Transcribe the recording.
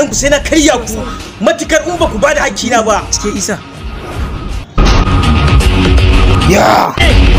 ɗan ku sai na karya ku matukar in ba ku ba da hakki na ba. Cike Isa. Ya!